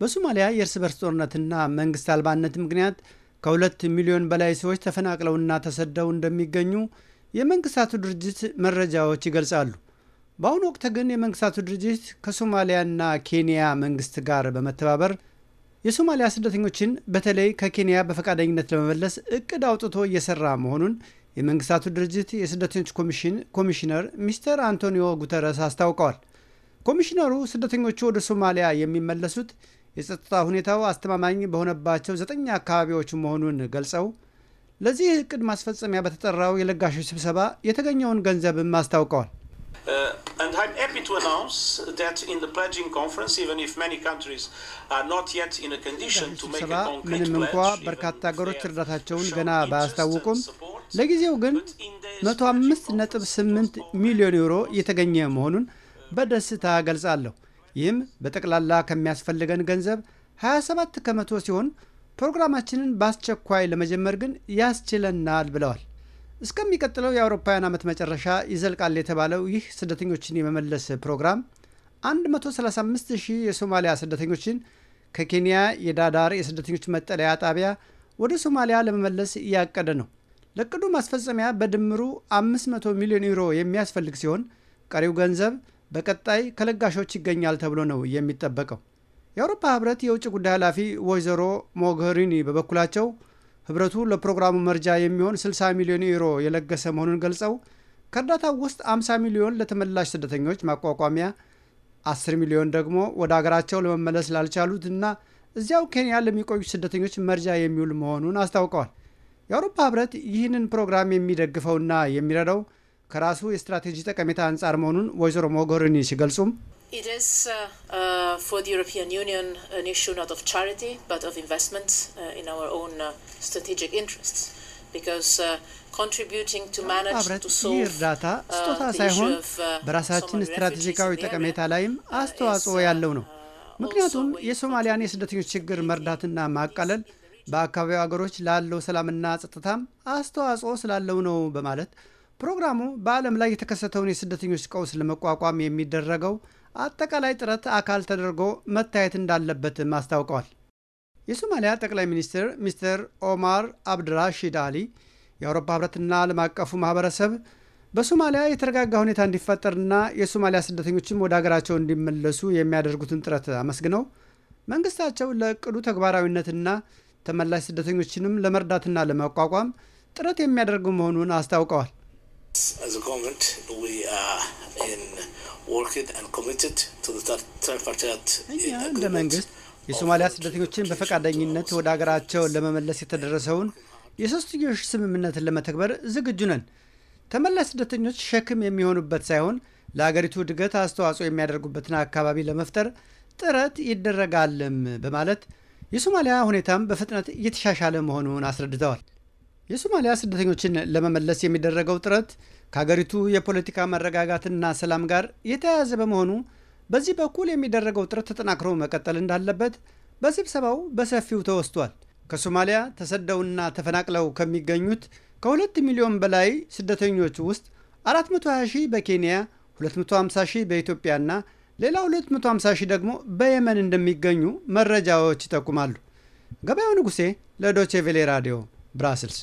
በሶማሊያ የእርስ በርስ ጦርነትና መንግስት አልባነት ምክንያት ከሁለት ሚሊዮን በላይ ሰዎች ተፈናቅለውና ተሰደው እንደሚገኙ የመንግስታቱ ድርጅት መረጃዎች ይገልጻሉ። በአሁኑ ወቅት ግን የመንግስታቱ ድርጅት ከሶማሊያና ኬንያ መንግስት ጋር በመተባበር የሶማሊያ ስደተኞችን በተለይ ከኬንያ በፈቃደኝነት ለመመለስ እቅድ አውጥቶ እየሰራ መሆኑን የመንግስታቱ ድርጅት የስደተኞች ኮሚሽን ኮሚሽነር ሚስተር አንቶኒዮ ጉተረስ አስታውቀዋል። ኮሚሽነሩ ስደተኞቹ ወደ ሶማሊያ የሚመለሱት የጸጥታ ሁኔታው አስተማማኝ በሆነባቸው ዘጠኝ አካባቢዎች መሆኑን ገልጸው ለዚህ እቅድ ማስፈጸሚያ በተጠራው የለጋሾች ስብሰባ የተገኘውን ገንዘብም አስታውቀዋል። uh, ስብሰባ ምንም እንኳ በርካታ ሀገሮች እርዳታቸውን ገና ባያስታውቁም ለጊዜው ግን 105.8 ሚሊዮን ዩሮ የተገኘ መሆኑን በደስታ ገልጻለሁ። ይህም በጠቅላላ ከሚያስፈልገን ገንዘብ 27 ከመቶ ሲሆን ፕሮግራማችንን በአስቸኳይ ለመጀመር ግን ያስችለናል ብለዋል። እስከሚቀጥለው የአውሮፓውያን ዓመት መጨረሻ ይዘልቃል የተባለው ይህ ስደተኞችን የመመለስ ፕሮግራም 135,000 የሶማሊያ ስደተኞችን ከኬንያ የዳዳር የስደተኞች መጠለያ ጣቢያ ወደ ሶማሊያ ለመመለስ እያቀደ ነው። ለቅዱ ማስፈጸሚያ በድምሩ 500 ሚሊዮን ዩሮ የሚያስፈልግ ሲሆን ቀሪው ገንዘብ በቀጣይ ከለጋሾች ይገኛል ተብሎ ነው የሚጠበቀው። የአውሮፓ ህብረት የውጭ ጉዳይ ኃላፊ ወይዘሮ ሞገሪኒ በበኩላቸው ህብረቱ ለፕሮግራሙ መርጃ የሚሆን 60 ሚሊዮን ዩሮ የለገሰ መሆኑን ገልጸው ከእርዳታው ውስጥ 50 ሚሊዮን ለተመላሽ ስደተኞች ማቋቋሚያ፣ 10 ሚሊዮን ደግሞ ወደ አገራቸው ለመመለስ ላልቻሉት እና እዚያው ኬንያ ለሚቆዩ ስደተኞች መርጃ የሚውል መሆኑን አስታውቀዋል። የአውሮፓ ህብረት ይህንን ፕሮግራም የሚደግፈውና የሚረዳው ከራሱ የስትራቴጂ ጠቀሜታ አንጻር መሆኑን ወይዘሮ ሞጎሪኒ ሲገልጹም ህብረት ይህ እርዳታ ስጦታ ሳይሆን uh, በራሳችን ስትራቴጂካዊ ጠቀሜታ ላይም uh, አስተዋጽኦ uh, ያለው ነው። ምክንያቱም የሶማሊያን የስደተኞች ችግር መርዳትና ማቃለል በአካባቢው ሀገሮች ላለው ሰላምና ጸጥታም አስተዋጽኦ ስላለው ነው በማለት ፕሮግራሙ በዓለም ላይ የተከሰተውን የስደተኞች ቀውስ ለመቋቋም የሚደረገው አጠቃላይ ጥረት አካል ተደርጎ መታየት እንዳለበትም አስታውቀዋል። የሶማሊያ ጠቅላይ ሚኒስትር ሚስተር ኦማር አብድራሺድ አሊ የአውሮፓ ህብረትና ዓለም አቀፉ ማህበረሰብ በሶማሊያ የተረጋጋ ሁኔታ እንዲፈጠርና የሶማሊያ ስደተኞችም ወደ ሀገራቸው እንዲመለሱ የሚያደርጉትን ጥረት አመስግነው መንግስታቸው ለእቅዱ ተግባራዊነትና ተመላሽ ስደተኞችንም ለመርዳትና ለመቋቋም ጥረት የሚያደርጉ መሆኑን አስታውቀዋል። As a government, we are in working and committed to the tripartite መንግስት uh, የሶማሊያ ስደተኞችን በፈቃደኝነት ወደ ሀገራቸው ለመመለስ የተደረሰውን የሶስትዮሽ ስምምነትን ለመተግበር ዝግጁ ነን። ተመላሽ ስደተኞች ሸክም የሚሆኑበት ሳይሆን ለሀገሪቱ እድገት አስተዋጽኦ የሚያደርጉበትን አካባቢ ለመፍጠር ጥረት ይደረጋልም በማለት የሶማሊያ ሁኔታም በፍጥነት እየተሻሻለ መሆኑን አስረድተዋል። የሶማሊያ ስደተኞችን ለመመለስ የሚደረገው ጥረት ከሀገሪቱ የፖለቲካ መረጋጋትና ሰላም ጋር የተያያዘ በመሆኑ በዚህ በኩል የሚደረገው ጥረት ተጠናክሮ መቀጠል እንዳለበት በስብሰባው በሰፊው ተወስቷል። ከሶማሊያ ተሰደውና ተፈናቅለው ከሚገኙት ከሁለት ሚሊዮን በላይ ስደተኞች ውስጥ 420 ሺህ በኬንያ፣ 250 ሺህ በኢትዮጵያና ሌላ 250 ሺህ ደግሞ በየመን እንደሚገኙ መረጃዎች ይጠቁማሉ። ገበያው ንጉሴ ለዶቼቬሌ ራዲዮ ብራስልስ